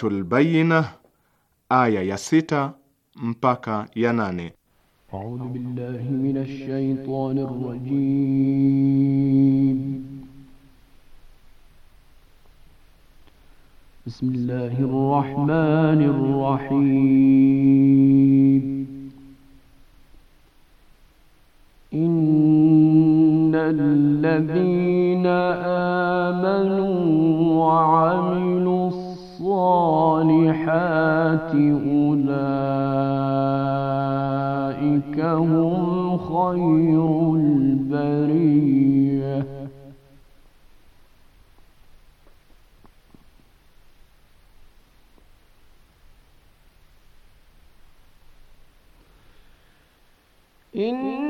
Suratul Bayyina aya ya sita mpaka ya nane. A'udhu billahi minash shaitani rrajim. Bismillahir rahmanir rahim. Innal ladhina أولئك هم خير البرية إن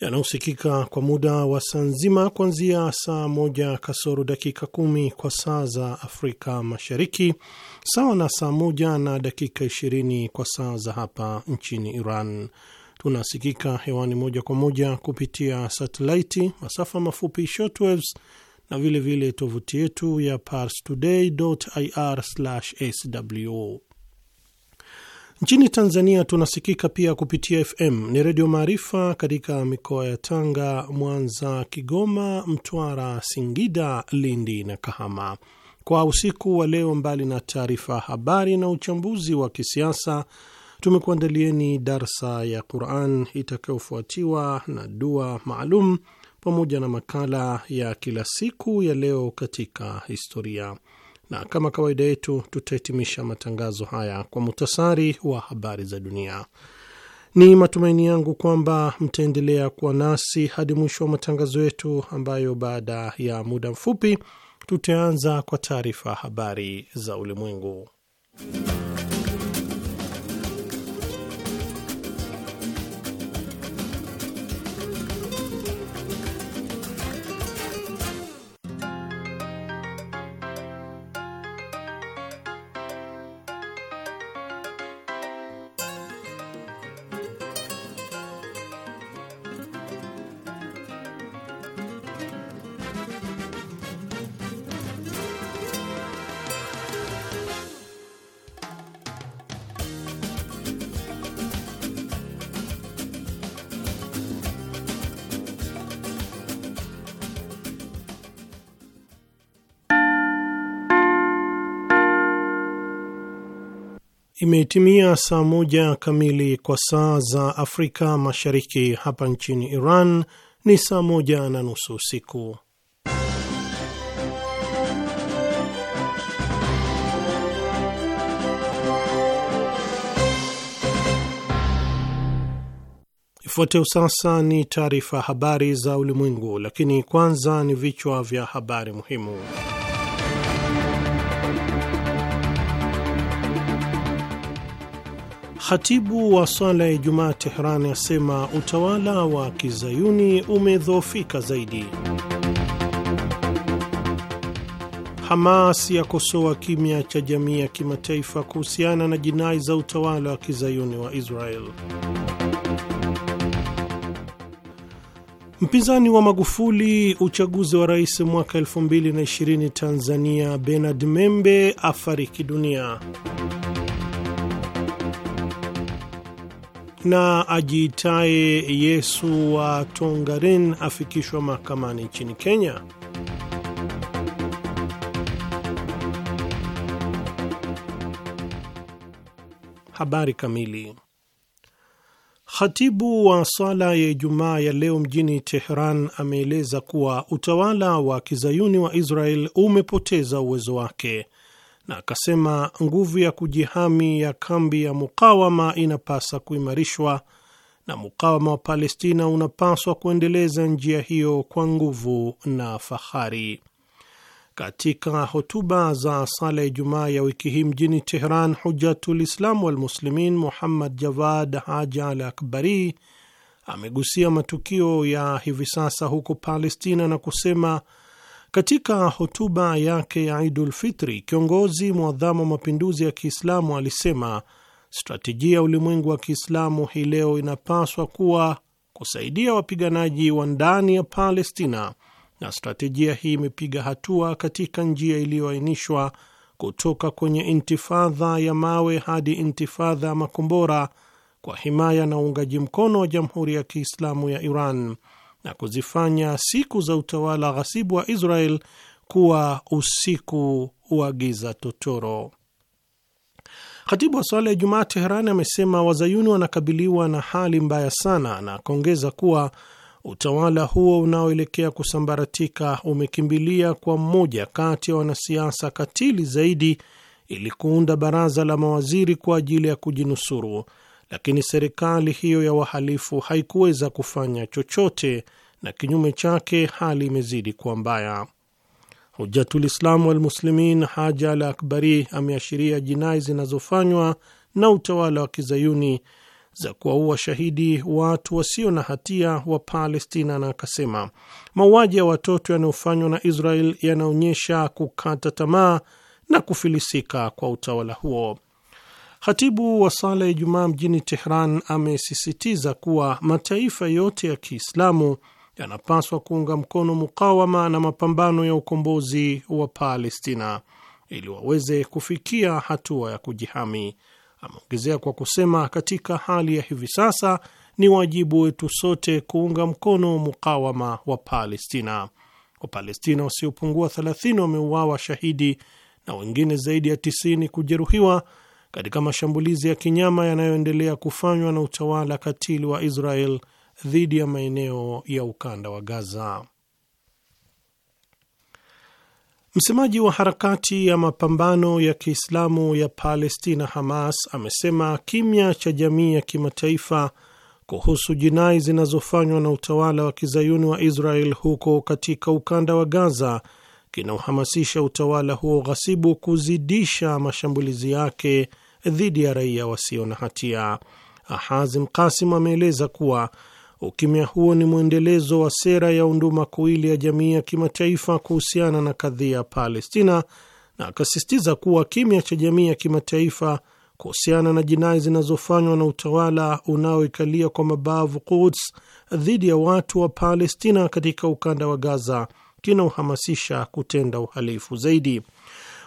yanayosikika kwa muda wa saa nzima kuanzia saa moja kasoro dakika kumi kwa saa za Afrika Mashariki, sawa na saa moja na dakika ishirini kwa saa za hapa nchini Iran. Tunasikika hewani moja kwa moja kupitia satelaiti, masafa mafupi shortwaves na vilevile tovuti yetu ya parstoday ir sw Nchini Tanzania tunasikika pia kupitia FM ni Redio Maarifa katika mikoa ya Tanga, Mwanza, Kigoma, Mtwara, Singida, Lindi na Kahama. Kwa usiku wa leo, mbali na taarifa habari na uchambuzi wa kisiasa, tumekuandalieni darsa ya Quran itakayofuatiwa na dua maalum pamoja na makala ya kila siku ya leo katika historia na kama kawaida yetu tutahitimisha matangazo haya kwa muhtasari wa habari za dunia. Ni matumaini yangu kwamba mtaendelea kuwa nasi hadi mwisho wa matangazo yetu, ambayo baada ya muda mfupi tutaanza kwa taarifa habari za ulimwengu. Imetimia saa moja kamili kwa saa za Afrika Mashariki. Hapa nchini Iran ni saa moja na nusu usiku. Ifuateo sasa ni taarifa habari za ulimwengu, lakini kwanza ni vichwa vya habari muhimu. Khatibu wa swala ya Ijumaa Tehran asema utawala wa kizayuni umedhoofika zaidi. Hamas yakosoa kimya cha jamii ya kimataifa kuhusiana na jinai za utawala wa kizayuni wa Israel. Mpinzani wa Magufuli uchaguzi wa rais mwaka 2020 Tanzania, Bernard Membe afariki dunia. na ajiitaye Yesu wa Tongarin afikishwa mahakamani nchini Kenya. Habari kamili. Khatibu wa swala ya Ijumaa ya leo mjini Teheran ameeleza kuwa utawala wa kizayuni wa Israel umepoteza uwezo wake na akasema nguvu ya kujihami ya kambi ya mukawama inapasa kuimarishwa na mukawama wa Palestina unapaswa kuendeleza njia hiyo kwa nguvu na fahari. Katika hotuba za sala ya Ijumaa ya wiki hii mjini Teheran, Hujatul Islam Walmuslimin Muhammad Javad Haja Al Akbari amegusia matukio ya hivi sasa huko Palestina na kusema katika hotuba yake ya idulfitri Fitri, kiongozi mwadhamu wa mapinduzi ya Kiislamu alisema stratejia ya ulimwengu wa Kiislamu hii leo inapaswa kuwa kusaidia wapiganaji wa ndani ya Palestina, na stratejia hii imepiga hatua katika njia iliyoainishwa kutoka kwenye intifadha ya mawe hadi intifadha ya makombora kwa himaya na uungaji mkono wa Jamhuri ya Kiislamu ya Iran na kuzifanya siku za utawala ghasibu wa Israel kuwa usiku wa giza totoro. Khatibu wa swala ya Jumaa Teherani amesema wazayuni wanakabiliwa na hali mbaya sana, na akaongeza kuwa utawala huo unaoelekea kusambaratika umekimbilia kwa mmoja kati ya wanasiasa katili zaidi ili kuunda baraza la mawaziri kwa ajili ya kujinusuru lakini serikali hiyo ya wahalifu haikuweza kufanya chochote, na kinyume chake hali imezidi kuwa mbaya. Hujatulislamu Walmuslimin Haja Al Akbari ameashiria jinai zinazofanywa na utawala wa kizayuni za kuwaua shahidi watu wasio na hatia wa Palestina, na akasema mauaji ya watoto yanayofanywa na Israel yanaonyesha kukata tamaa na kufilisika kwa utawala huo. Khatibu wa sala ya Ijumaa mjini Tehran amesisitiza kuwa mataifa yote ya Kiislamu yanapaswa kuunga mkono mukawama na mapambano ya ukombozi wa Palestina ili waweze kufikia hatua ya kujihami. Ameongezea kwa kusema, katika hali ya hivi sasa ni wajibu wetu sote kuunga mkono mukawama wa Palestina. Wapalestina wasiopungua 30 wameuawa shahidi na wengine zaidi ya 90 kujeruhiwa katika mashambulizi ya kinyama yanayoendelea kufanywa na utawala katili wa Israel dhidi ya maeneo ya ukanda wa Gaza. Msemaji wa harakati ya mapambano ya Kiislamu ya Palestina Hamas amesema kimya cha jamii ya kimataifa kuhusu jinai zinazofanywa na utawala wa kizayuni wa Israel huko katika ukanda wa Gaza kinauhamasisha utawala huo ghasibu kuzidisha mashambulizi yake dhidi ya raia wasio na hatia. Hazim Kasim ameeleza kuwa ukimya huo ni mwendelezo wa sera ya unduma kuili ya jamii ya kimataifa kuhusiana na kadhia ya Palestina, na akasisitiza kuwa kimya cha jamii ya kimataifa kuhusiana na jinai zinazofanywa na utawala unaoikalia kwa mabavu Quds dhidi ya watu wa Palestina katika ukanda wa Gaza kinauhamasisha kutenda uhalifu zaidi.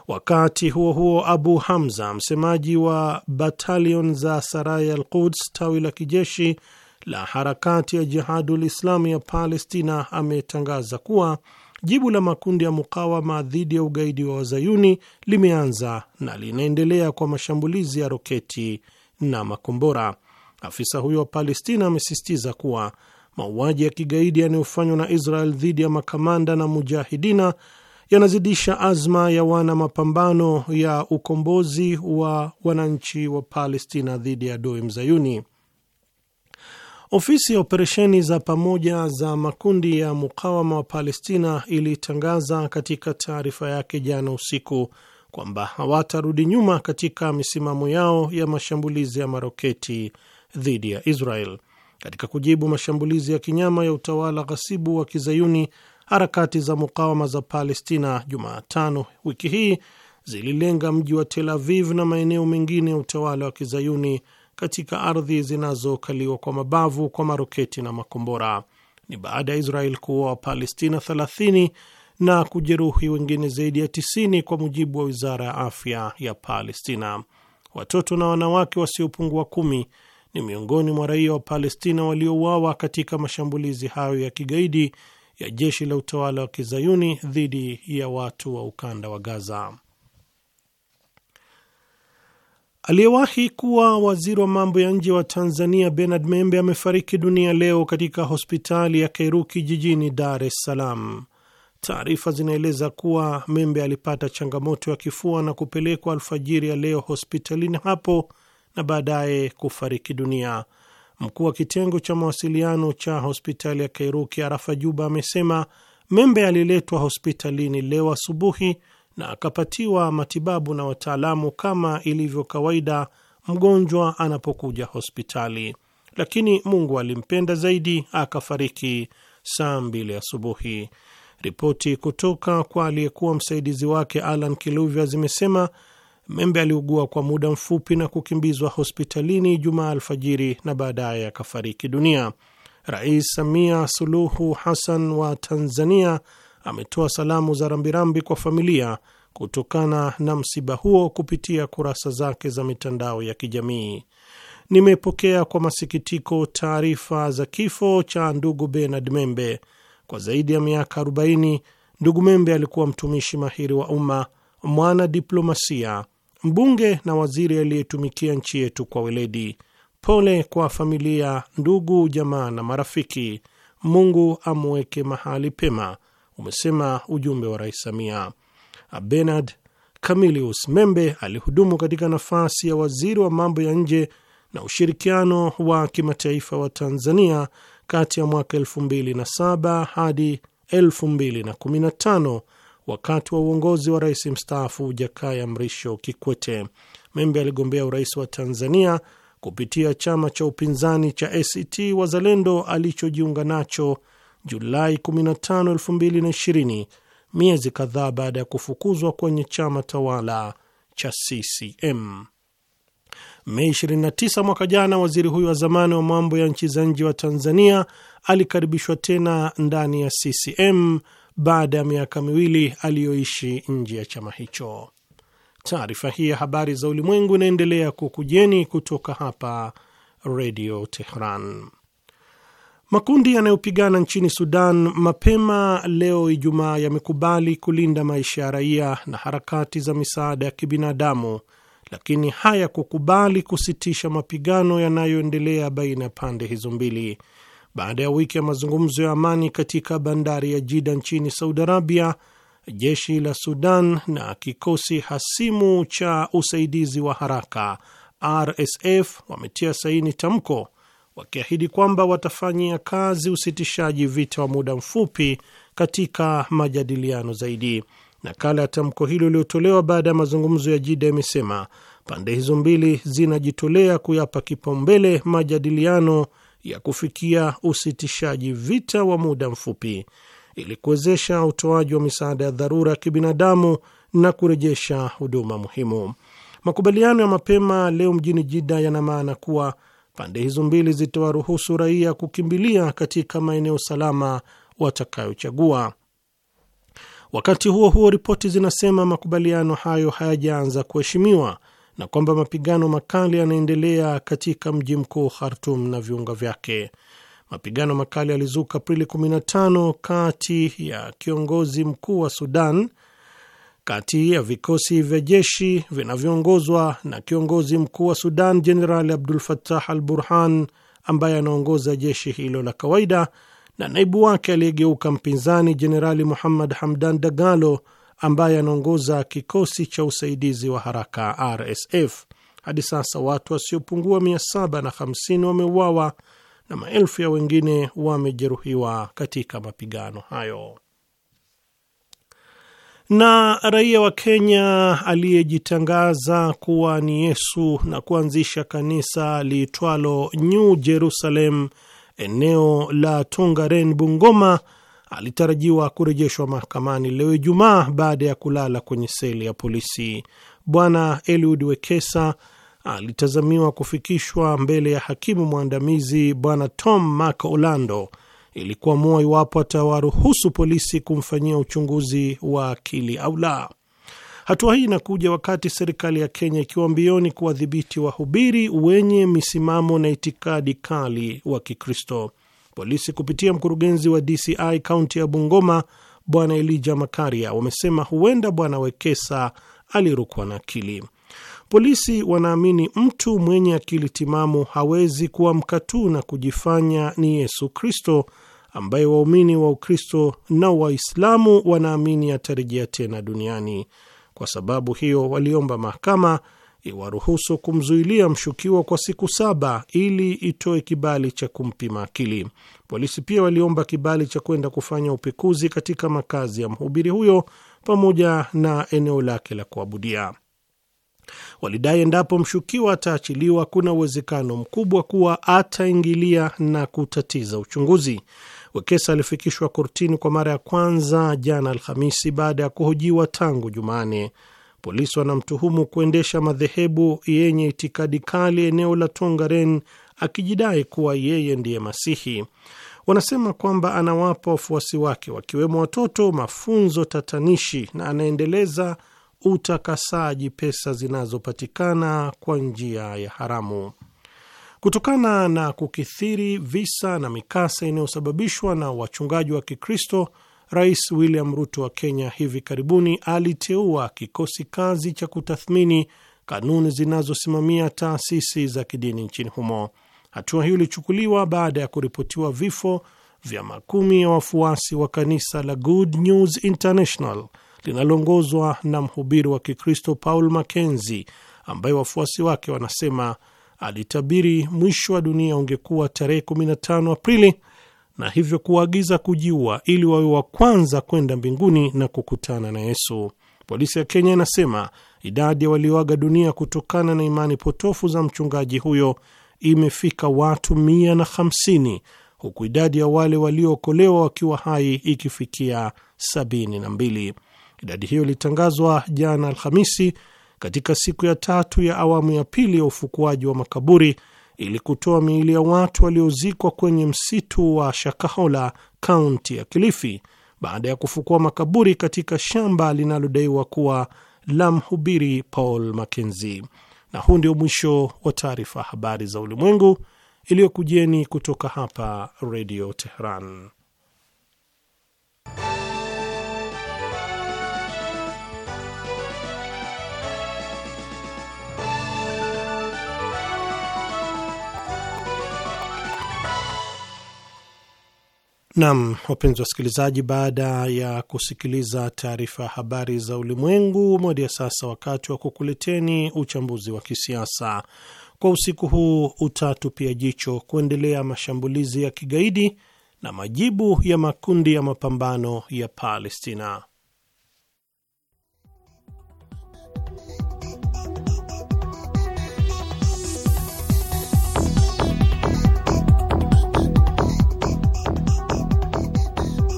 Wakati huo huo, Abu Hamza, msemaji wa batalion za Saraya al Quds, tawi la kijeshi la harakati ya Jihadul Islami ya Palestina, ametangaza kuwa jibu la makundi ya mukawama dhidi ya ugaidi wa wazayuni limeanza na linaendelea kwa mashambulizi ya roketi na makombora. Afisa huyo wa Palestina amesisitiza kuwa Mauaji ya kigaidi yanayofanywa na Israel dhidi ya makamanda na mujahidina yanazidisha azma ya wana mapambano ya ukombozi wa wananchi wa Palestina dhidi ya adui mzayuni. Ofisi ya operesheni za pamoja za makundi ya mukawama wa Palestina ilitangaza katika taarifa yake jana usiku kwamba hawatarudi nyuma katika misimamo yao ya mashambulizi ya maroketi dhidi ya Israel. Katika kujibu mashambulizi ya kinyama ya utawala ghasibu wa Kizayuni, harakati za mukawama za Palestina Jumatano wiki hii zililenga mji wa Tel Aviv na maeneo mengine ya utawala wa Kizayuni katika ardhi zinazokaliwa kwa mabavu kwa maroketi na makombora. Ni baada ya Israel kuua Wapalestina 30 na kujeruhi wengine zaidi ya 90 kwa mujibu wa wizara ya afya ya Palestina. Watoto na wanawake wasiopungua wa kumi ni miongoni mwa raia wa Palestina waliouawa katika mashambulizi hayo ya kigaidi ya jeshi la utawala wa kizayuni dhidi ya watu wa ukanda wa Gaza. Aliyewahi kuwa waziri wa mambo ya nje wa Tanzania Bernard Membe amefariki dunia leo katika hospitali ya Kairuki jijini Dar es Salaam. Taarifa zinaeleza kuwa Membe alipata changamoto ya kifua na kupelekwa alfajiri ya leo hospitalini hapo na baadaye kufariki dunia. Mkuu wa kitengo cha mawasiliano cha hospitali ya Kairuki Arafa Juba amesema Membe aliletwa hospitalini leo asubuhi na akapatiwa matibabu na wataalamu kama ilivyo kawaida mgonjwa anapokuja hospitali, lakini Mungu alimpenda zaidi akafariki saa mbili asubuhi. Ripoti kutoka kwa aliyekuwa msaidizi wake Alan Kiluvya zimesema Membe aliugua kwa muda mfupi na kukimbizwa hospitalini Jumaa alfajiri na baadaye akafariki dunia. Rais Samia Suluhu Hassan wa Tanzania ametoa salamu za rambirambi kwa familia kutokana na msiba huo kupitia kurasa zake za mitandao ya kijamii. Nimepokea kwa masikitiko taarifa za kifo cha ndugu Bernard Membe. Kwa zaidi ya miaka 40 ndugu Membe alikuwa mtumishi mahiri wa umma, mwana diplomasia, mbunge na waziri aliyetumikia nchi yetu kwa weledi. Pole kwa familia, ndugu, jamaa na marafiki. Mungu amweke mahali pema, umesema ujumbe wa Rais Samia. Benard Camilius Membe alihudumu katika nafasi ya waziri wa mambo ya nje na ushirikiano wa kimataifa wa Tanzania kati ya mwaka 2007 hadi 2015 wakati wa uongozi wa rais mstaafu Jakaya Mrisho Kikwete. Membe aligombea urais wa Tanzania kupitia chama cha upinzani cha ACT Wazalendo alichojiunga nacho Julai 15, 2020, miezi kadhaa baada ya kufukuzwa kwenye chama tawala cha CCM. Mei 29 mwaka jana, waziri huyo wa zamani wa mambo ya nchi za nje wa Tanzania alikaribishwa tena ndani ya CCM baada ya miaka miwili aliyoishi nje ya chama hicho. Taarifa hii ya habari za ulimwengu inaendelea kukujeni kutoka hapa Redio Tehran. Makundi yanayopigana nchini Sudan mapema leo Ijumaa yamekubali kulinda maisha ya raia na harakati za misaada ya kibinadamu, lakini hayakukubali kusitisha mapigano yanayoendelea baina ya pande hizo mbili. Baada ya wiki ya mazungumzo ya amani katika bandari ya Jida nchini Saudi Arabia, jeshi la Sudan na kikosi hasimu cha usaidizi wa haraka RSF wametia saini tamko wakiahidi kwamba watafanyia kazi usitishaji vita wa muda mfupi katika majadiliano zaidi. Nakala ya tamko hilo iliyotolewa baada ya mazungumzo ya Jida imesema pande hizo mbili zinajitolea kuyapa kipaumbele majadiliano ya kufikia usitishaji vita wa muda mfupi ili kuwezesha utoaji wa misaada ya dharura ya kibinadamu na kurejesha huduma muhimu. Makubaliano ya mapema leo mjini Jida yana maana kuwa pande hizo mbili zitawaruhusu raia kukimbilia katika maeneo salama watakayochagua. Wakati huo huo, ripoti zinasema makubaliano hayo hayajaanza kuheshimiwa na kwamba mapigano makali yanaendelea katika mji mkuu Khartum na viunga vyake. Mapigano makali yalizuka Aprili 15 kati ya kiongozi mkuu wa Sudan, kati ya vikosi vya jeshi vinavyoongozwa na kiongozi mkuu wa Sudan Jenerali Abdul Fattah al Burhan ambaye anaongoza jeshi hilo la kawaida na naibu wake aliyegeuka mpinzani Jenerali Muhammad Hamdan Dagalo ambaye anaongoza kikosi cha usaidizi wa haraka RSF. Hadi sasa watu wasiopungua 750 wameuawa na maelfu ya wengine wamejeruhiwa katika mapigano hayo. Na raia wa Kenya aliyejitangaza kuwa ni Yesu na kuanzisha kanisa liitwalo New Jerusalem eneo la Tongaren Bungoma alitarajiwa kurejeshwa mahakamani leo Ijumaa baada ya kulala kwenye seli ya polisi. Bwana Eliud Wekesa alitazamiwa kufikishwa mbele ya hakimu mwandamizi Bwana Tom Mark Orlando ili kuamua iwapo atawaruhusu polisi kumfanyia uchunguzi wa akili au la. Hatua hii inakuja wakati serikali ya Kenya ikiwa mbioni kuwadhibiti wahubiri wenye misimamo na itikadi kali wa Kikristo. Polisi kupitia mkurugenzi wa DCI kaunti ya Bungoma Bwana Elija Makaria wamesema huenda Bwana Wekesa alirukwa na akili. Polisi wanaamini mtu mwenye akili timamu hawezi kuamka tu na kujifanya ni Yesu Kristo ambaye waumini wa Ukristo na Waislamu wanaamini atarejea tena duniani. Kwa sababu hiyo, waliomba mahakama iwaruhusu kumzuilia mshukiwa kwa siku saba ili itoe kibali cha kumpima akili. Polisi pia waliomba kibali cha kwenda kufanya upekuzi katika makazi ya mhubiri huyo pamoja na eneo lake la kuabudia. Walidai endapo mshukiwa ataachiliwa, kuna uwezekano mkubwa kuwa ataingilia na kutatiza uchunguzi. Wekesa alifikishwa kortini kwa mara ya kwanza jana Alhamisi baada ya kuhojiwa tangu jumanne Polisi wanamtuhumu kuendesha madhehebu yenye itikadi kali eneo la Tongaren, akijidai kuwa yeye ndiye Masihi. Wanasema kwamba anawapa wafuasi wake, wakiwemo watoto, mafunzo tatanishi na anaendeleza utakasaji pesa zinazopatikana kwa njia ya haramu. Kutokana na kukithiri visa na mikasa inayosababishwa na wachungaji wa Kikristo Rais William Ruto wa Kenya hivi karibuni aliteua kikosi kazi cha kutathmini kanuni zinazosimamia taasisi za kidini nchini humo. Hatua hiyo ilichukuliwa baada ya kuripotiwa vifo vya makumi ya wafuasi wa kanisa la Good News International linaloongozwa na mhubiri wa Kikristo Paul Mackenzie, ambaye wafuasi wake wanasema alitabiri mwisho wa dunia ungekuwa tarehe 15 Aprili na hivyo kuwaagiza kujiua ili wawe wa kwanza kwenda mbinguni na kukutana na Yesu. Polisi ya Kenya inasema idadi ya walioaga dunia kutokana na imani potofu za mchungaji huyo imefika watu mia na hamsini huku idadi ya wale waliookolewa wakiwa hai ikifikia sabini na mbili. Idadi hiyo ilitangazwa jana Alhamisi katika siku ya tatu ya awamu ya pili ya ufukuaji wa makaburi ili kutoa miili ya watu waliozikwa kwenye msitu wa Shakahola, kaunti ya Kilifi, baada ya kufukua makaburi katika shamba linalodaiwa kuwa la mhubiri Paul Mackenzie. Na huu ndio mwisho wa taarifa habari za ulimwengu iliyokujeni kutoka hapa Redio Teheran. Nam, wapenzi wasikilizaji, baada ya kusikiliza taarifa ya habari za ulimwengu moja, sasa wakati wa kukuleteni uchambuzi wa kisiasa kwa usiku huu. Utatupia jicho kuendelea mashambulizi ya kigaidi na majibu ya makundi ya mapambano ya Palestina.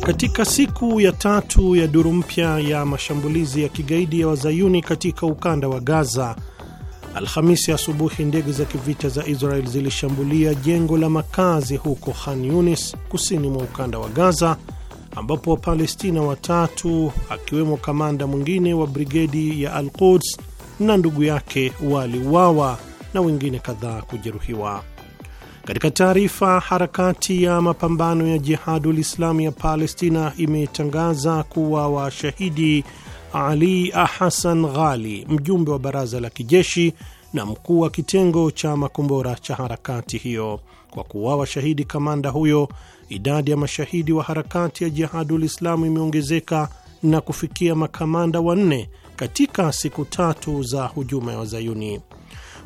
Katika siku ya tatu ya duru mpya ya mashambulizi ya kigaidi ya wazayuni katika ukanda wa Gaza, Alhamisi asubuhi, ndege za kivita za Israel zilishambulia jengo la makazi huko Khan Yunis, kusini mwa ukanda wa Gaza, ambapo Wapalestina watatu akiwemo kamanda mwingine wa brigedi ya Al Quds na ndugu yake waliuawa na wengine kadhaa kujeruhiwa. Katika taarifa, harakati ya mapambano ya Jihadul Islami ya Palestina imetangaza kuwa washahidi Ali hasan Ghali, mjumbe wa baraza la kijeshi na mkuu wa kitengo cha makombora cha harakati hiyo. Kwa kuuawa shahidi kamanda huyo, idadi ya mashahidi wa harakati ya Jihadul Islamu imeongezeka na kufikia makamanda wanne katika siku tatu za hujuma ya Wazayuni.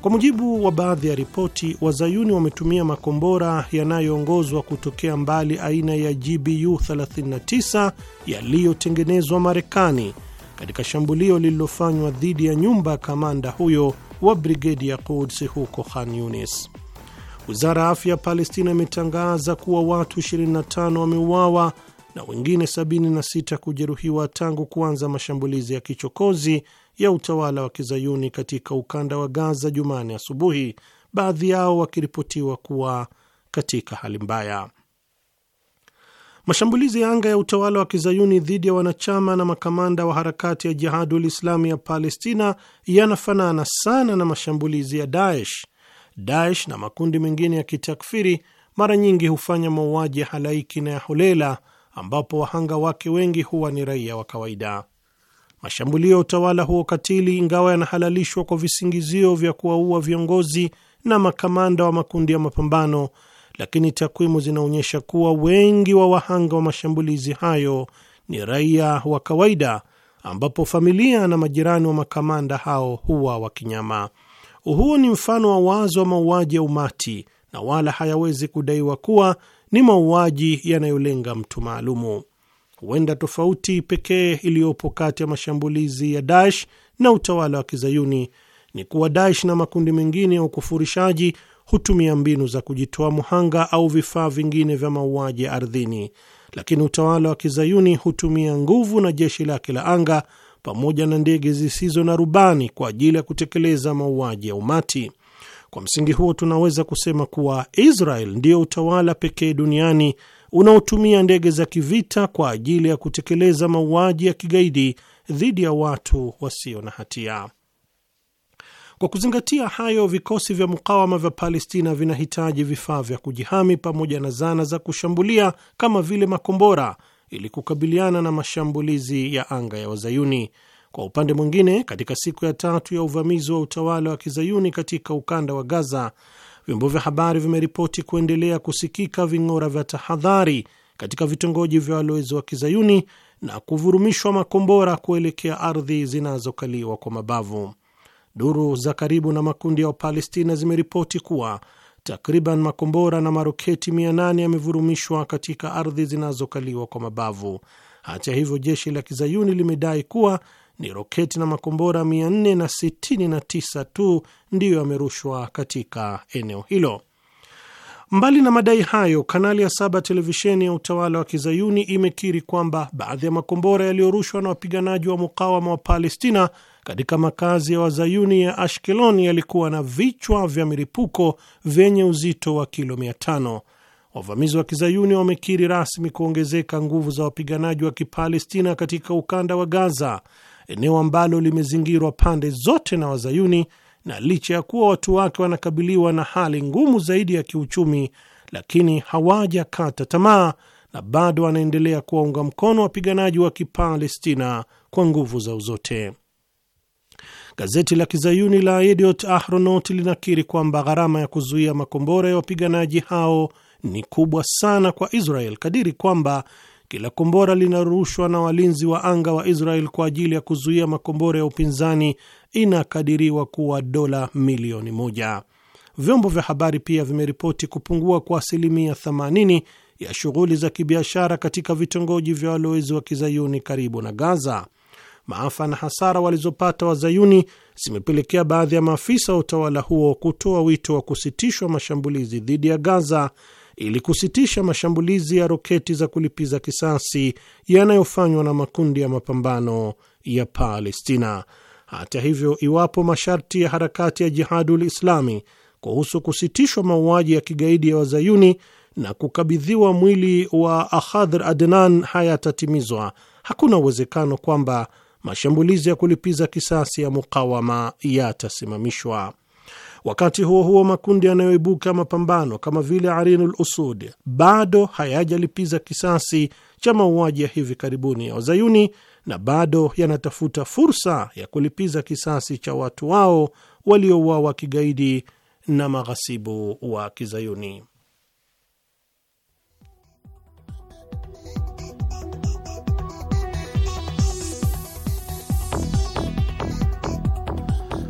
Kwa mujibu wa baadhi ya ripoti, wazayuni wametumia makombora yanayoongozwa kutokea mbali aina ya GBU 39 yaliyotengenezwa Marekani katika shambulio lililofanywa dhidi ya nyumba ya kamanda huyo wa brigedi ya Quds huko Khan Yunis. Wizara ya afya ya Palestina imetangaza kuwa watu 25 wameuawa na wengine 76 kujeruhiwa tangu kuanza mashambulizi ya kichokozi ya utawala wa kizayuni katika ukanda wa Gaza Jumane asubuhi, baadhi yao wakiripotiwa kuwa katika hali mbaya. Mashambulizi ya anga ya utawala wa kizayuni dhidi ya wanachama na makamanda wa harakati ya Jihadul Islami ya Palestina yanafanana sana na mashambulizi ya Daesh. Daesh na makundi mengine ya kitakfiri mara nyingi hufanya mauaji ya halaiki na ya holela, ambapo wahanga wake wengi huwa ni raia wa kawaida. Mashambulio ya utawala huo katili, ingawa yanahalalishwa kwa visingizio vya kuwaua viongozi na makamanda wa makundi ya mapambano, lakini takwimu zinaonyesha kuwa wengi wa wahanga wa mashambulizi hayo ni raia wa kawaida, ambapo familia na majirani wa makamanda hao huwa wa kinyama. Huu ni mfano wa wazo wa mauaji ya umati na wala hayawezi kudaiwa kuwa ni mauaji yanayolenga mtu maalumu. Huenda tofauti pekee iliyopo kati ya mashambulizi ya Daesh na utawala wa kizayuni ni kuwa Daesh na makundi mengine ya ukufurishaji hutumia mbinu za kujitoa muhanga au vifaa vingine vya mauaji ya ardhini, lakini utawala wa kizayuni hutumia nguvu na jeshi lake la anga pamoja na ndege zisizo na rubani kwa ajili ya kutekeleza mauaji ya umati. Kwa msingi huo, tunaweza kusema kuwa Israel ndiyo utawala pekee duniani unaotumia ndege za kivita kwa ajili ya kutekeleza mauaji ya kigaidi dhidi ya watu wasio na hatia. Kwa kuzingatia hayo, vikosi vya mukawama vya Palestina vinahitaji vifaa vya kujihami pamoja na zana za kushambulia kama vile makombora ili kukabiliana na mashambulizi ya anga ya Wazayuni. Kwa upande mwingine, katika siku ya tatu ya uvamizi wa utawala wa kizayuni katika ukanda wa Gaza, vyombo vya habari vimeripoti kuendelea kusikika ving'ora vya tahadhari katika vitongoji vya walowezi wa kizayuni na kuvurumishwa makombora kuelekea ardhi zinazokaliwa kwa mabavu. Duru za karibu na makundi ya Wapalestina zimeripoti kuwa takriban makombora na maroketi 800 yamevurumishwa katika ardhi zinazokaliwa kwa mabavu. Hata hivyo, jeshi la kizayuni limedai kuwa ni roketi na makombora 469 tu ndiyo yamerushwa katika eneo hilo. Mbali na madai hayo, kanali ya saba televisheni ya utawala wa kizayuni imekiri kwamba baadhi ya makombora yaliyorushwa na wapiganaji wa mukawama wa Palestina katika makazi ya wazayuni ya Ashkelon yalikuwa na vichwa vya milipuko vyenye uzito wa kilo tano. Wavamizi wa kizayuni wamekiri rasmi kuongezeka nguvu za wapiganaji wa kipalestina katika ukanda wa Gaza eneo ambalo limezingirwa pande zote na Wazayuni, na licha ya kuwa watu wake wanakabiliwa na hali ngumu zaidi ya kiuchumi, lakini hawaja kata tamaa na bado wanaendelea kuwaunga mkono wapiganaji wa Kipalestina kwa nguvu zao zote. Gazeti la kizayuni la Idiot Ahronot linakiri kwamba gharama ya kuzuia makombora ya wapiganaji hao ni kubwa sana kwa Israel kadiri kwamba kila kombora linarushwa na walinzi wa anga wa Israel kwa ajili ya kuzuia makombora ya upinzani inakadiriwa kuwa dola milioni moja. Vyombo vya habari pia vimeripoti kupungua kwa asilimia 80 ya shughuli za kibiashara katika vitongoji vya walowezi wa kizayuni karibu na Gaza. Maafa na hasara walizopata wazayuni zimepelekea baadhi ya maafisa wa utawala huo kutoa wito wa kusitishwa mashambulizi dhidi ya Gaza ili kusitisha mashambulizi ya roketi za kulipiza kisasi yanayofanywa na makundi ya mapambano ya Palestina. Hata hivyo, iwapo masharti ya harakati ya Jihadul Islami kuhusu kusitishwa mauaji ya kigaidi ya wazayuni na kukabidhiwa mwili wa Ahadhr Adnan hayatatimizwa, hakuna uwezekano kwamba mashambulizi ya kulipiza kisasi ya mukawama yatasimamishwa. Wakati huo huo, makundi yanayoibuka mapambano kama vile Arinul Usud bado hayajalipiza kisasi cha mauaji ya hivi karibuni ya Wazayuni na bado yanatafuta fursa ya kulipiza kisasi cha watu wao waliouawa kigaidi na maghasibu wa Kizayuni.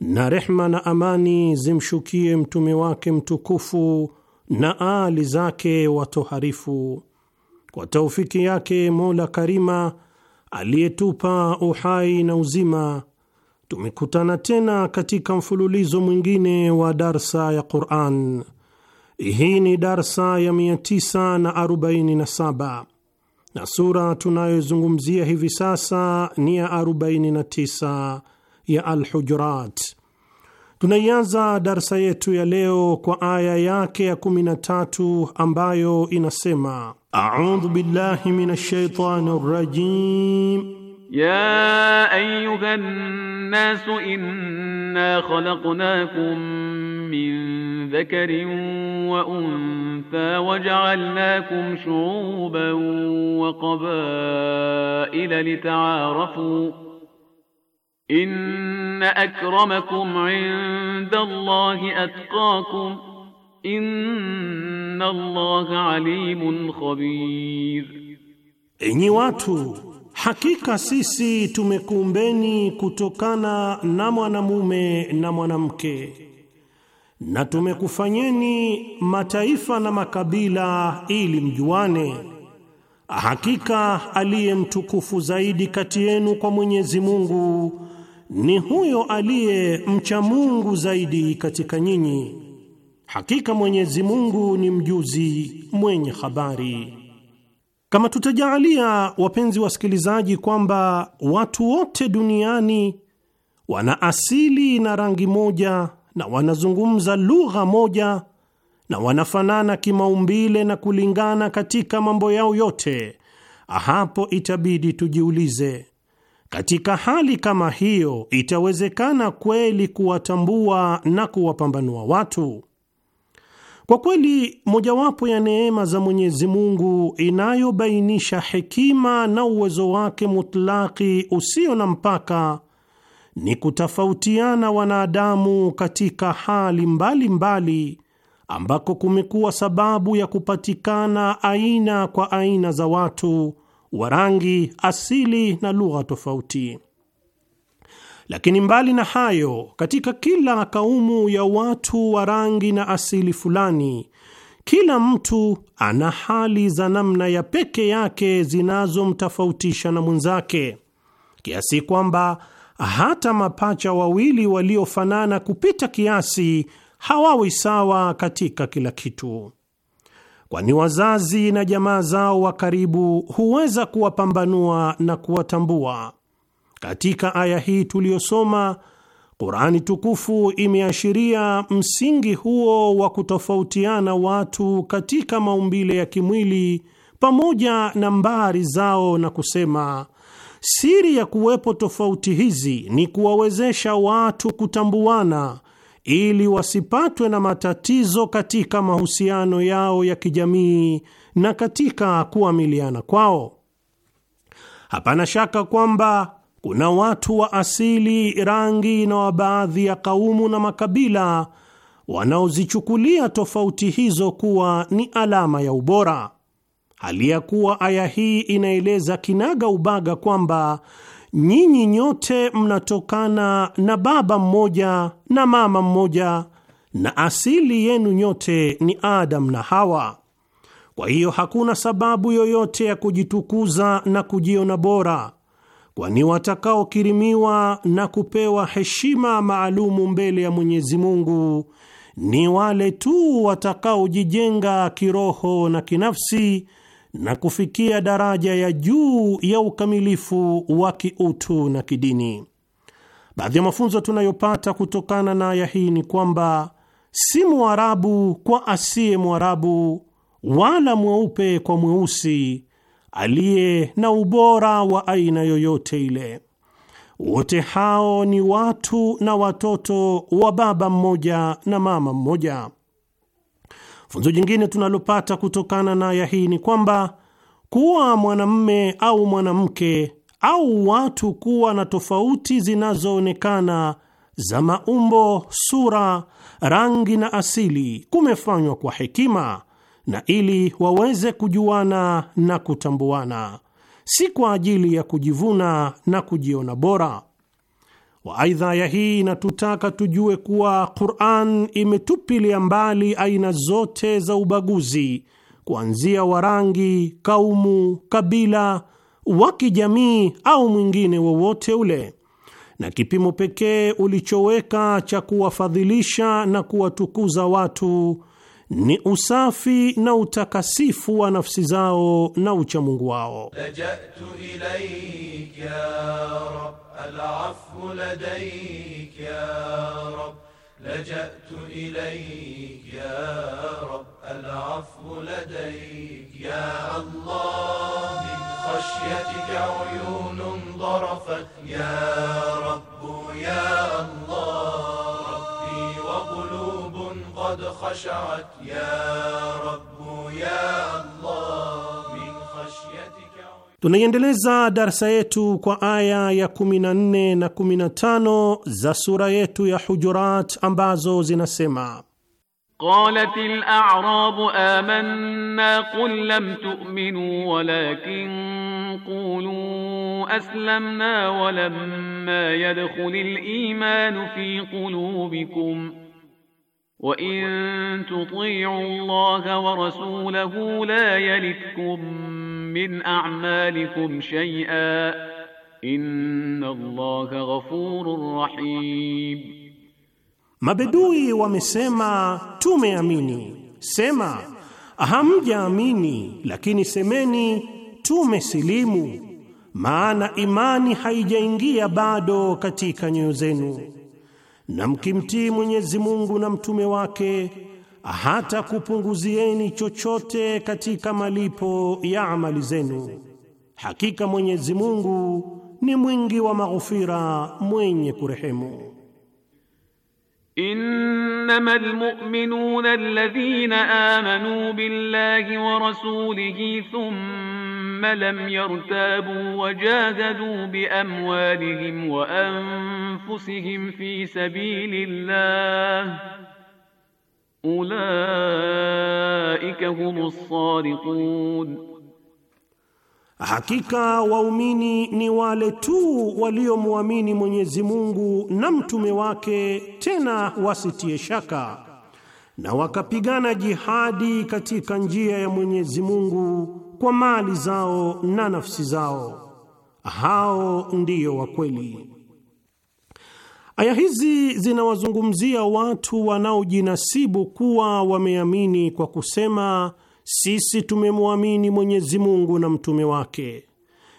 na rehma na amani zimshukie mtume wake mtukufu na aali zake watoharifu. Kwa taufiki yake Mola Karima aliyetupa uhai na uzima, tumekutana tena katika mfululizo mwingine wa darsa ya Quran. Hii ni darsa ya 947 na sura tunayozungumzia hivi sasa ni ya 49 ya Al-Hujurat. Tunaianza darsa yetu ya leo kwa aya yake ya 13 ambayo inasema: a'udhu billahi minash shaitani rrajim ya ayyuhan nas inna khalaqnakum min dhakarin wa untha waja'alnakum shu'uban wa qabaila lita'arafu Inna akramakum inda Allahi atqakum inna Allaha alimun khabir, enyi watu, hakika sisi tumekuumbeni kutokana na mwanamume na mwanamke na tumekufanyeni mataifa na makabila ili mjuane. Hakika aliye mtukufu zaidi kati yenu kwa Mwenyezi Mungu ni huyo aliye mcha Mungu zaidi katika nyinyi. Hakika Mwenyezi Mungu ni mjuzi mwenye habari. Kama tutajaalia, wapenzi wasikilizaji, kwamba watu wote duniani wana asili na rangi moja na wanazungumza lugha moja na wanafanana kimaumbile na kulingana katika mambo yao yote, hapo itabidi tujiulize katika hali kama hiyo, itawezekana kweli kuwatambua na kuwapambanua watu? Kwa kweli, mojawapo ya neema za Mwenyezi Mungu inayobainisha hekima na uwezo wake mutlaki usio na mpaka ni kutofautiana wanadamu katika hali mbalimbali mbali, ambako kumekuwa sababu ya kupatikana aina kwa aina za watu wa rangi, asili na lugha tofauti. Lakini mbali na hayo, katika kila kaumu ya watu wa rangi na asili fulani, kila mtu ana hali za namna ya peke yake zinazomtofautisha na mwenzake, kiasi kwamba hata mapacha wawili waliofanana kupita kiasi hawawi sawa katika kila kitu kwani wazazi na jamaa zao wa karibu huweza kuwapambanua na kuwatambua. Katika aya hii tuliyosoma, Kurani tukufu imeashiria msingi huo wa kutofautiana watu katika maumbile ya kimwili pamoja na mbari zao, na kusema siri ya kuwepo tofauti hizi ni kuwawezesha watu kutambuana ili wasipatwe na matatizo katika mahusiano yao ya kijamii na katika kuamiliana kwao. Hapana shaka kwamba kuna watu wa asili, rangi na wa baadhi ya kaumu na makabila wanaozichukulia tofauti hizo kuwa ni alama ya ubora, hali ya kuwa aya hii inaeleza kinaga ubaga kwamba nyinyi nyote mnatokana na baba mmoja na mama mmoja, na asili yenu nyote ni Adam na Hawa. Kwa hiyo hakuna sababu yoyote ya kujitukuza na kujiona bora, kwani watakaokirimiwa na kupewa heshima maalumu mbele ya Mwenyezi Mungu ni wale tu watakaojijenga kiroho na kinafsi na kufikia daraja ya juu ya ukamilifu wa kiutu na kidini. Baadhi ya mafunzo tunayopata kutokana na aya hii ni kwamba si Mwarabu kwa asiye Mwarabu wala mweupe kwa mweusi aliye na ubora wa aina yoyote ile. Wote hao ni watu na watoto wa baba mmoja na mama mmoja. Funzo jingine tunalopata kutokana na aya hii ni kwamba kuwa mwanamme au mwanamke au watu kuwa na tofauti zinazoonekana za maumbo, sura, rangi na asili kumefanywa kwa hekima na ili waweze kujuana na kutambuana, si kwa ajili ya kujivuna na kujiona bora Waaidha, ya hii inatutaka tujue kuwa Qur'an imetupilia mbali aina zote za ubaguzi, kuanzia wa rangi, kaumu, kabila, wa kijamii au mwingine wowote ule, na kipimo pekee ulichoweka cha kuwafadhilisha na kuwatukuza watu ni usafi na utakasifu wa nafsi zao na uchamungu wao. قد خشعت يا رب يا الله من خشيتك Tunaiendeleza darsa yetu kwa aya ya 14 na 15 za sura yetu ya Hujurat ambazo zinasema قالت الأعراب آمنا قل لم تؤمنوا ولكن قولوا أسلمنا ولما يدخل imanu fi قلوبكم ۖ wa in tuti'u Allah wa rasulahu la yalitkum min a'malikum shay'a inna Allah ghafurur rahim, Mabedui wamesema tumeamini. Sema hamjaamini, lakini semeni tumesilimu, maana imani haijaingia bado katika nyoyo zenu na mkimtii Mwenyezi Mungu na mtume wake hata kupunguzieni chochote katika malipo ya amali zenu. Hakika Mwenyezi Mungu ni mwingi wa maghfira, mwenye kurehemu. Innama almu'minuna alladhina amanu billahi wa rasulihi thumma lam yartabu wa jahadu bi amwalihim wa anfusihim أنفسهم في سبيل الله ulaika humus sadiqun, hakika waumini ni wale tu waliomwamini Mwenyezi Mungu na mtume wake, tena wasitie shaka, na wakapigana jihadi katika njia ya Mwenyezi Mungu kwa mali zao na nafsi zao. Hao ndiyo wa kweli. Aya hizi zinawazungumzia watu wanaojinasibu kuwa wameamini kwa kusema sisi tumemwamini Mwenyezi Mungu na mtume wake,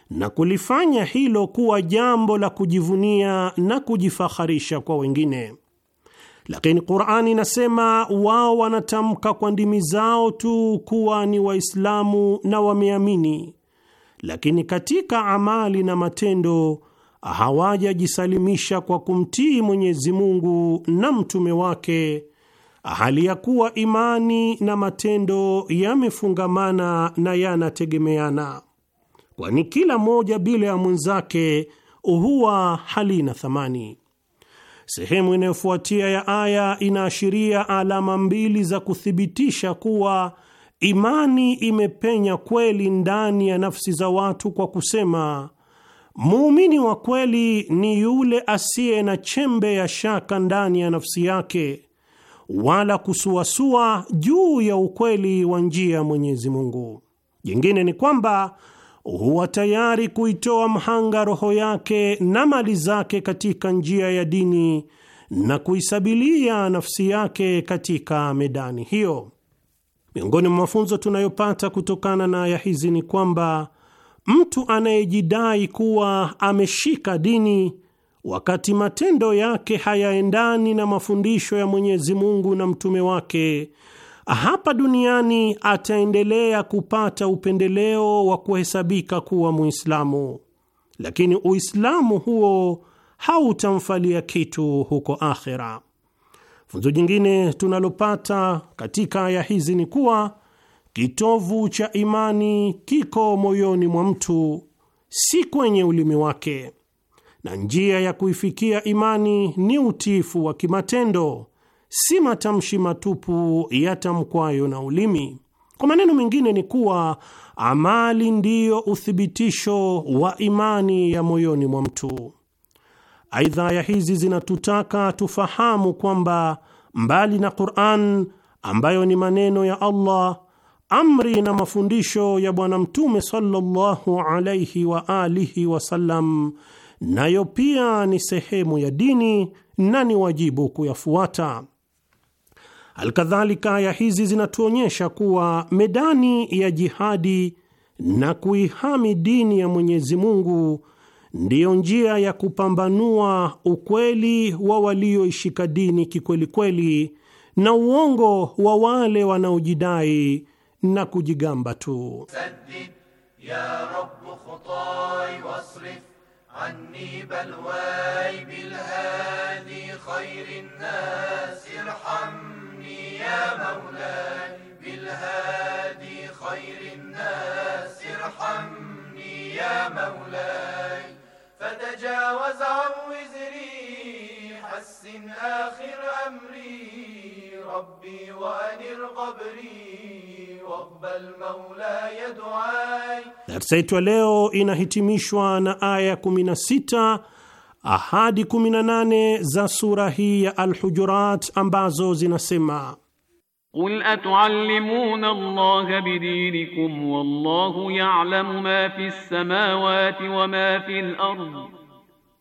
na kulifanya hilo kuwa jambo la kujivunia na kujifaharisha kwa wengine. Lakini Qur'ani inasema wao wanatamka kwa ndimi zao tu kuwa ni Waislamu na wameamini, lakini katika amali na matendo hawajajisalimisha kwa kumtii Mwenyezi Mungu na mtume wake, hali ya kuwa imani na matendo yamefungamana na yanategemeana, kwani kila moja bila ya mwenzake huwa halina thamani. Sehemu inayofuatia ya aya inaashiria alama mbili za kuthibitisha kuwa imani imepenya kweli ndani ya nafsi za watu kwa kusema Muumini wa kweli ni yule asiye na chembe ya shaka ndani ya nafsi yake wala kusuasua juu ya ukweli wa njia ya Mwenyezi Mungu. Jingine ni kwamba huwa tayari kuitoa mhanga roho yake na mali zake katika njia ya dini na kuisabilia nafsi yake katika medani hiyo. Miongoni mwa mafunzo tunayopata kutokana na aya hizi ni kwamba Mtu anayejidai kuwa ameshika dini wakati matendo yake hayaendani na mafundisho ya Mwenyezi Mungu na mtume wake, hapa duniani ataendelea kupata upendeleo wa kuhesabika kuwa Muislamu, lakini Uislamu huo hautamfalia kitu huko akhera. Funzo jingine tunalopata katika aya hizi ni kuwa Kitovu cha imani kiko moyoni mwa mtu, si kwenye ulimi wake, na njia ya kuifikia imani ni utiifu wa kimatendo, si matamshi matupu yatamkwayo na ulimi. Kwa maneno mengine ni kuwa amali ndiyo uthibitisho wa imani ya moyoni mwa mtu. Aidha, ya hizi zinatutaka tufahamu kwamba mbali na Qur'an ambayo ni maneno ya Allah amri na mafundisho ya Bwana Mtume sallallahu alaihi wa alihi wasallam, nayo pia ni sehemu ya dini na ni wajibu kuyafuata. Alkadhalika, aya hizi zinatuonyesha kuwa medani ya jihadi na kuihami dini ya Mwenyezi Mungu ndiyo njia ya kupambanua ukweli wa walioishika dini kikwelikweli na uongo wa wale wanaojidai سدد يا يا رب خطاي واصرف عني بلواي بالهادي بالهادي خير خير الناس الناس ارحمني مولاي ارحمني يا مولاي فتجاوز عن وزري حسن آخر أمري ربي وأنر قبري واقبل مولاي دعاي. Darsa yetu ya leo inahitimishwa na aya 16 ahadi 18 za sura hii ya Al-Hujurat ambazo zinasema Qul atuallimuna Allaha bidinikum wallahu ya'lamu ma fi samawati wa ma fi al-ardh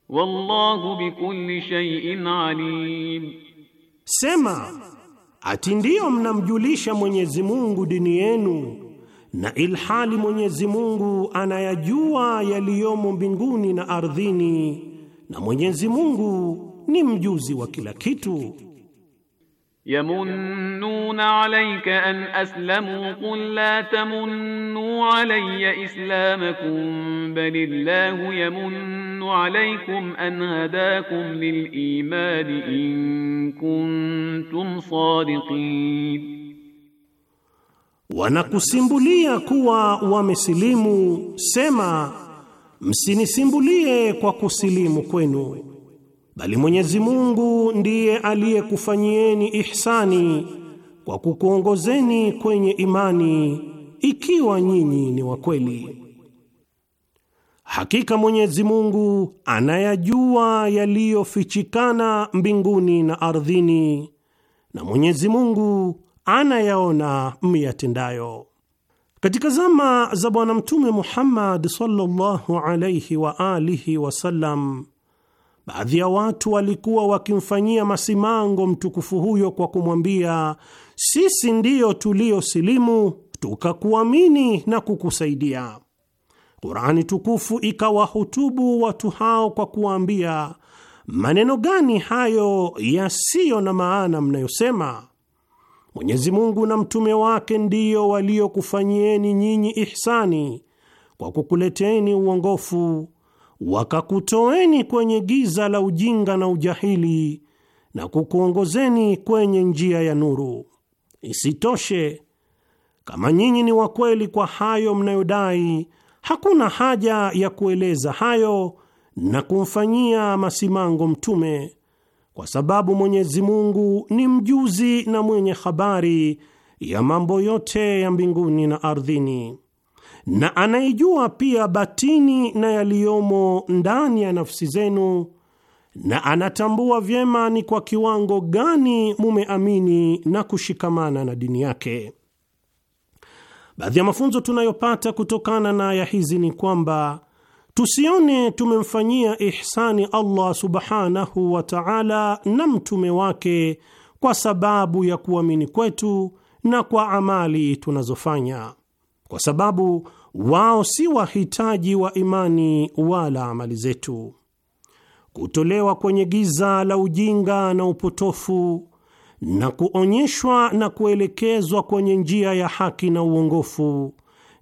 wallahu bikulli shay'in alim Sema Ati ndiyo mnamjulisha Mwenyezi Mungu dini yenu, na ilhali Mwenyezi Mungu anayajua yaliyomo mbinguni na ardhini, na Mwenyezi Mungu ni mjuzi wa kila kitu yamunnuna alayka an aslamu qul la tamunnu alayya islamakum balillahu yamunnu alaykum an hadakum liliman in kuntum sadiqin Wanakusimbulia kuwa wamesilimu, sema msinisimbulie kwa kusilimu kwenu bali Mwenyezi Mungu ndiye aliyekufanyieni ihsani kwa kukuongozeni kwenye imani ikiwa nyinyi ni wa kweli. Hakika Mwenyezi Mungu anayajua yaliyofichikana mbinguni na ardhini, na Mwenyezi Mungu anayaona myatendayo. Katika zama za Bwana Mtume Muhammad sallallahu alayhi wa alihi wasallam Baadhi ya watu walikuwa wakimfanyia masimango mtukufu huyo kwa kumwambia, sisi ndiyo tuliosilimu tukakuamini na kukusaidia. Kurani tukufu ikawahutubu watu hao kwa kuwaambia, maneno gani hayo yasiyo na maana mnayosema? Mwenyezi Mungu na mtume wake ndiyo waliokufanyieni nyinyi ihsani kwa kukuleteni uongofu wakakutoeni kwenye giza la ujinga na ujahili na kukuongozeni kwenye njia ya nuru. Isitoshe, kama nyinyi ni wakweli kwa hayo mnayodai, hakuna haja ya kueleza hayo na kumfanyia masimango Mtume, kwa sababu Mwenyezi Mungu ni mjuzi na mwenye habari ya mambo yote ya mbinguni na ardhini na anaijua pia batini na yaliyomo ndani ya nafsi zenu, na anatambua vyema ni kwa kiwango gani mumeamini na kushikamana na dini yake. Baadhi ya mafunzo tunayopata kutokana na aya hizi ni kwamba tusione tumemfanyia ihsani Allah subhanahu wa ta'ala na mtume wake kwa sababu ya kuamini kwetu na kwa amali tunazofanya, kwa sababu wao si wahitaji wa imani wala amali zetu. Kutolewa kwenye giza la ujinga na upotofu na kuonyeshwa na kuelekezwa kwenye njia ya haki na uongofu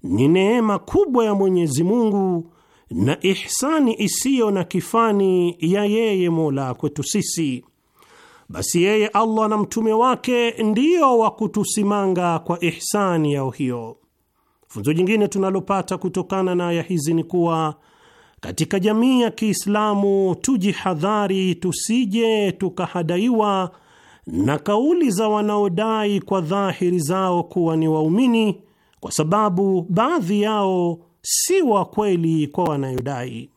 ni neema kubwa ya Mwenyezi Mungu na ihsani isiyo na kifani ya yeye Mola kwetu sisi. Basi yeye Allah na mtume wake ndiyo wa kutusimanga kwa ihsani yao hiyo. Funzo jingine tunalopata kutokana na aya hizi ni kuwa katika jamii ya Kiislamu tujihadhari, tusije tukahadaiwa na kauli za wanaodai kwa dhahiri zao kuwa ni waumini, kwa sababu baadhi yao si wa kweli kwa wanayodai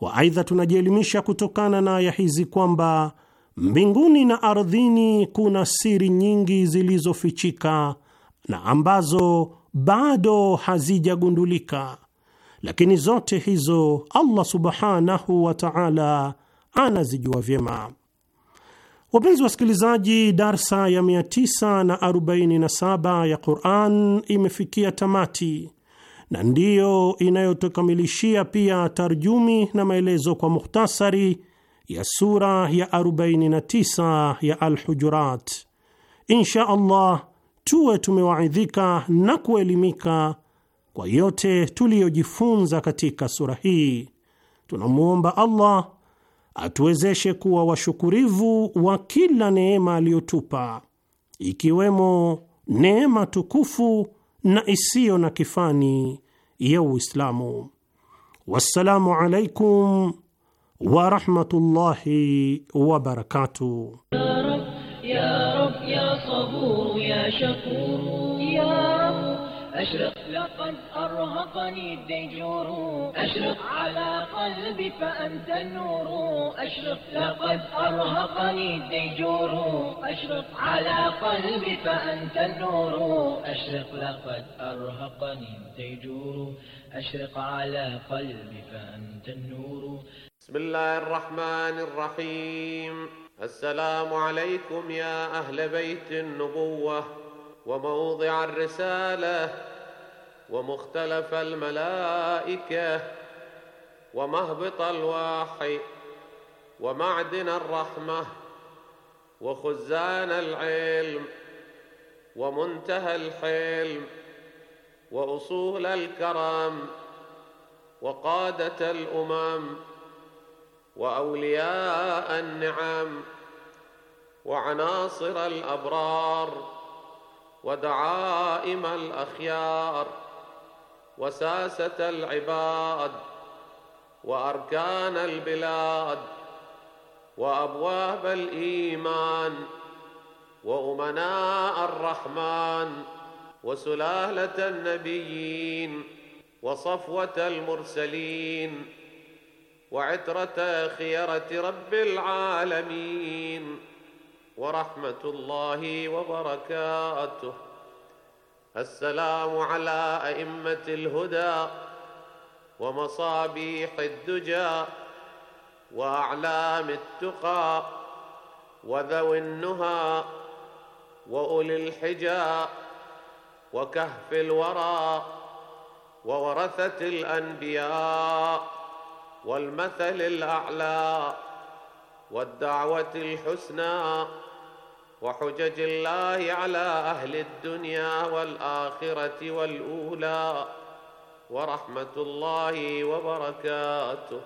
wa. Aidha, tunajielimisha kutokana na aya hizi kwamba mbinguni na ardhini kuna siri nyingi zilizofichika na ambazo bado hazijagundulika, lakini zote hizo Allah subhanahu wa ta'ala anazijua vyema. Wapenzi wasikilizaji, darsa ya 947 ya Quran imefikia tamati na ndiyo inayotukamilishia pia tarjumi na maelezo kwa mukhtasari ya sura ya 49 ya alhujurat Insha Allah tuwe tumewaidhika na kuelimika kwa yote tuliyojifunza katika sura hii. Tunamwomba Allah atuwezeshe kuwa washukurivu wa kila neema aliyotupa, ikiwemo neema tukufu na isiyo na kifani ya Uislamu. Wassalamu alaikum warahmatullahi wabarakatuh. أشرق لقد أرهقني الديجور أشرق على قلبي فأنت النور أشرق لقد أرهقني الديجور أشرق على قلبي فأنت النور أشرق لقد أرهقني الديجور أشرق على قلبي فأنت النور بسم الله الرحمن الرحيم السلام عليكم يا أهل بيت النبوة وموضع الرسالة ومختلف الملائكة ومهبط الوحي ومعدن الرحمة وخزان العلم ومنتهى الحلم وأصول الكرم وقادة الأمم وأولياء النعم وعناصر الأبرار ودعائم الأخيار وساسة العباد وأركان البلاد وأبواب الإيمان وأمناء الرحمن وسلالة النبيين وصفوة المرسلين وعترة خيرة رب العالمين ورحمة الله وبركاته السلام على أئمة الهدى ومصابيح الدجى وأعلام التقى وذوي النهى وأولي الحجى وكهف الورى وورثة الأنبياء والمثل الأعلى والدعوة الحسنى وحجج الله على اهل الدنيا والاخره والاولى ورحمه الله وبركاته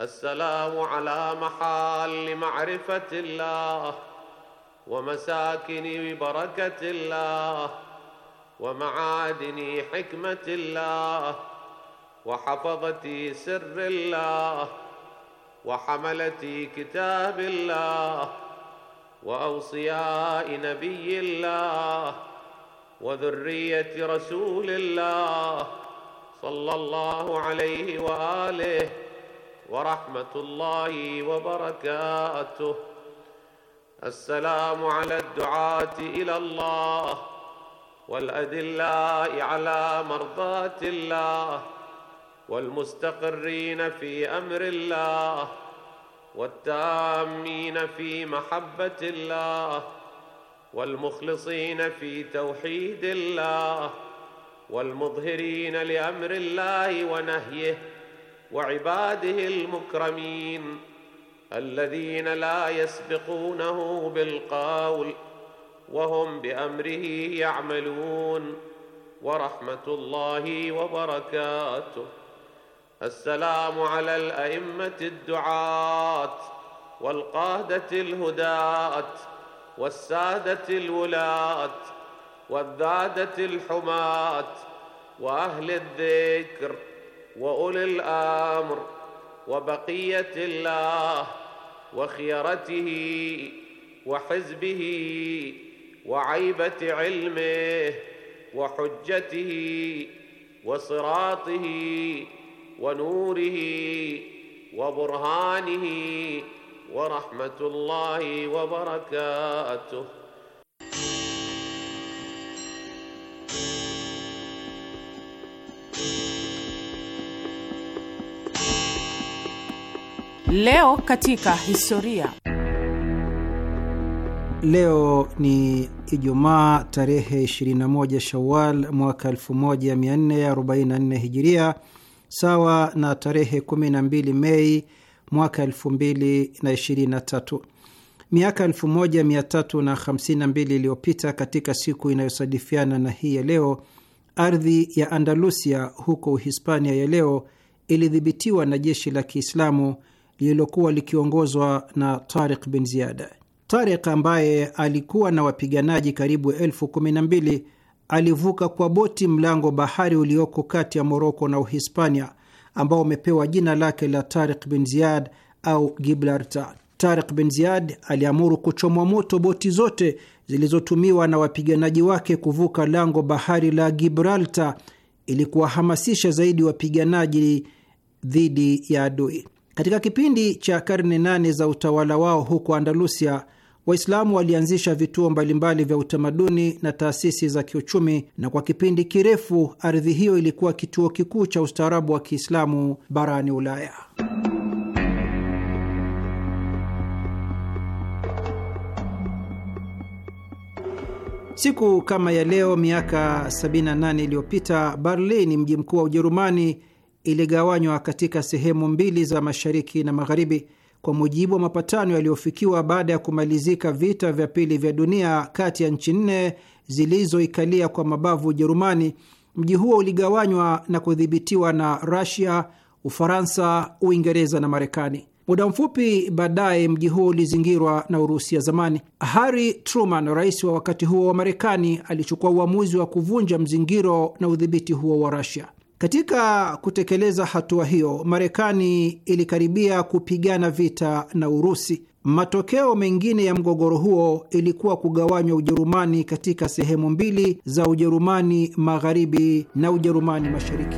السلام على محال معرفه الله ومساكن بركه الله ومعادن حكمه الله وحفظه سر الله وحمله كتاب الله واوصياء نبي الله وذريه رسول الله صلى الله عليه واله ورحمه الله وبركاته السلام على الدعاه الى الله والادلاء على مرضاه الله والمستقرين في امر الله والتامين في محبة الله والمخلصين في توحيد الله والمظهرين لأمر الله ونهيه وعباده المكرمين الذين لا يسبقونه بالقول وهم بأمره يعملون ورحمة الله وبركاته السلام على الأئمة الدعاة والقادة الهداة والسادة الولاة والذادة الحماة وأهل الذكر وأولي الأمر وبقية الله وخيرته وحزبه وعيبة علمه وحجته وصراطه ونوره وبرهانه ورحمة الله وبركاته Leo katika historia. Leo ni Ijumaa tarehe 21 Shawal mwaka 1444 Hijiria sawa na tarehe 12 Mei mwaka 2023. Miaka 1352 iliyopita katika siku inayosadifiana na hii ya leo, ardhi ya Andalusia huko Uhispania ya leo ilidhibitiwa na jeshi la Kiislamu lililokuwa likiongozwa na Tariq bin Ziyad. Tariq ambaye alikuwa na wapiganaji karibu elfu kumi na mbili alivuka kwa boti mlango bahari ulioko kati ya Moroko na Uhispania ambao umepewa jina lake la Tariq bin Ziyad au Gibraltar. Tariq bin Ziyad aliamuru kuchomwa moto boti zote zilizotumiwa na wapiganaji wake kuvuka lango bahari la Gibraltar ili kuwahamasisha zaidi wapiganaji dhidi ya adui. Katika kipindi cha karne nane za utawala wao huko Andalusia, Waislamu walianzisha vituo mbalimbali vya utamaduni na taasisi za kiuchumi, na kwa kipindi kirefu ardhi hiyo ilikuwa kituo kikuu cha ustaarabu wa Kiislamu barani Ulaya. Siku kama ya leo miaka 78 iliyopita Berlin, mji mkuu wa Ujerumani, iligawanywa katika sehemu mbili za mashariki na magharibi kwa mujibu wa mapatano yaliyofikiwa baada ya kumalizika vita vya pili vya dunia kati ya nchi nne zilizoikalia kwa mabavu Ujerumani. Mji huo uligawanywa na kudhibitiwa na rasia Ufaransa, Uingereza na Marekani. Muda mfupi baadaye mji huo ulizingirwa na Urusi ya zamani. Harry Truman, rais wa wakati huo wa Marekani, alichukua uamuzi wa kuvunja mzingiro na udhibiti huo wa rasia katika kutekeleza hatua hiyo, Marekani ilikaribia kupigana vita na Urusi. Matokeo mengine ya mgogoro huo ilikuwa kugawanywa Ujerumani katika sehemu mbili za Ujerumani Magharibi na Ujerumani Mashariki.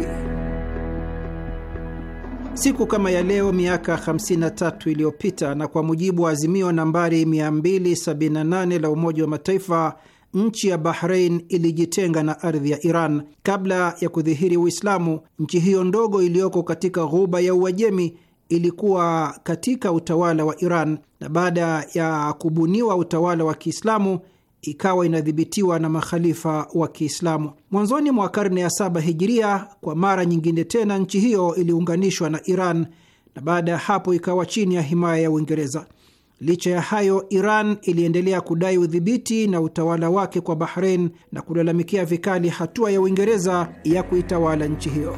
Siku kama ya leo miaka 53 iliyopita, na kwa mujibu wa azimio nambari 278 la Umoja wa Mataifa nchi ya Bahrein ilijitenga na ardhi ya Iran. Kabla ya kudhihiri Uislamu, nchi hiyo ndogo iliyoko katika ghuba ya Uajemi ilikuwa katika utawala wa Iran, na baada ya kubuniwa utawala wa Kiislamu ikawa inadhibitiwa na makhalifa wa Kiislamu. Mwanzoni mwa karne ya saba hijiria, kwa mara nyingine tena nchi hiyo iliunganishwa na Iran na baada ya hapo ikawa chini ya himaya ya Uingereza. Licha ya hayo, Iran iliendelea kudai udhibiti na utawala wake kwa Bahrein na kulalamikia vikali hatua ya Uingereza ya kuitawala nchi hiyo.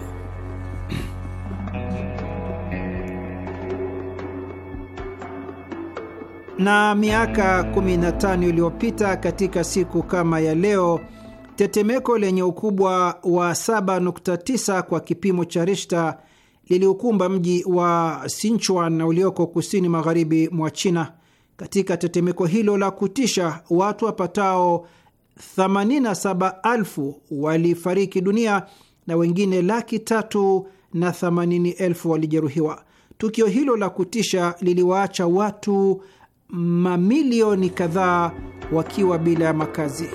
Na miaka 15 iliyopita katika siku kama ya leo, tetemeko lenye ukubwa wa 7.9 kwa kipimo cha Rishta liliukumba mji wa Sinchuan ulioko kusini magharibi mwa China. Katika tetemeko hilo la kutisha, watu wapatao 87,000 walifariki dunia na wengine laki tatu na 80,000 walijeruhiwa. Tukio hilo la kutisha liliwaacha watu mamilioni kadhaa wakiwa bila ya makazi.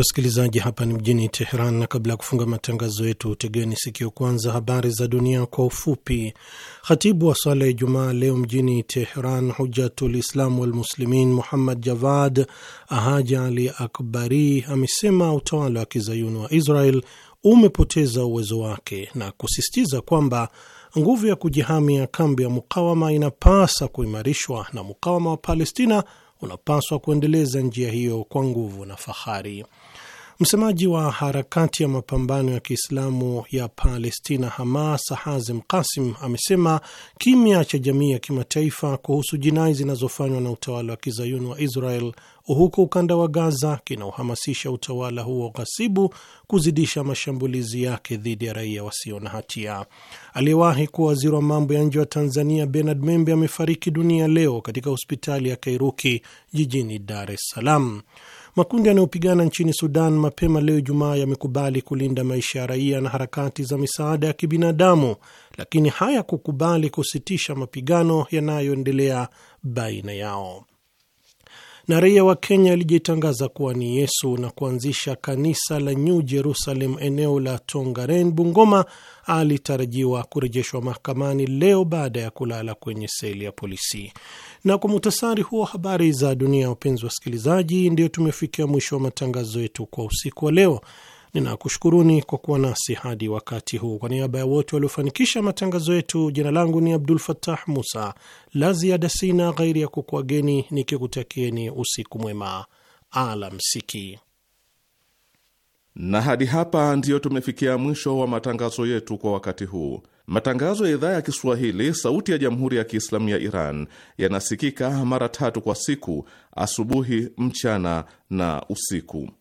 wasikilizaji, hapa ni mjini Teheran, na kabla ya kufunga matangazo yetu, tegeni sikio kwanza habari za dunia kwa ufupi. Khatibu wa swala ya Ijumaa leo mjini Teheran, Hujatul Islam Walmuslimin Muhammad Javad Haji Ali Akbari amesema utawala wa kizayuni wa Israel umepoteza uwezo wake na kusisitiza kwamba nguvu ya kujihami ya kambi ya mukawama inapasa kuimarishwa na mukawama wa Palestina unapaswa kuendeleza njia hiyo kwa nguvu na fahari. Msemaji wa harakati ya mapambano ya Kiislamu ya Palestina Hamas Hazim kasim amesema kimya cha jamii ya kimataifa kuhusu jinai zinazofanywa na utawala wa kizayuni wa Israel huko ukanda wa Gaza kinauhamasisha utawala huo ghasibu kuzidisha mashambulizi yake dhidi ya raia wasio na hatia. Aliyewahi kuwa waziri wa mambo ya nje wa Tanzania Bernard Membe amefariki dunia leo katika hospitali ya Kairuki jijini Dar es Salaam. Makundi yanayopigana nchini Sudan mapema leo Ijumaa yamekubali kulinda maisha ya raia na harakati za misaada ya kibinadamu, lakini hayakukubali kusitisha mapigano yanayoendelea baina yao na raia wa Kenya alijitangaza kuwa ni Yesu na kuanzisha kanisa la New Jerusalem eneo la Tongaren, Bungoma, alitarajiwa kurejeshwa mahakamani leo baada ya kulala kwenye seli ya polisi. Na kwa muhtasari huo habari za dunia, wapenzi wasikilizaji, ndio tumefikia mwisho wa matangazo yetu kwa usiku wa leo. Ninakushukuruni kwa kuwa nasi hadi wakati huu. Kwa niaba ya wote waliofanikisha matangazo yetu, jina langu ni Abdul fatah Musa. La ziada sina ghairi ya kukuageni nikikutakieni usiku mwema, alamsiki. Na hadi hapa ndiyo tumefikia mwisho wa matangazo yetu kwa wakati huu. Matangazo ya idhaa ya Kiswahili sauti ya jamhuri ya Kiislamu ya Iran yanasikika mara tatu kwa siku: asubuhi, mchana na usiku.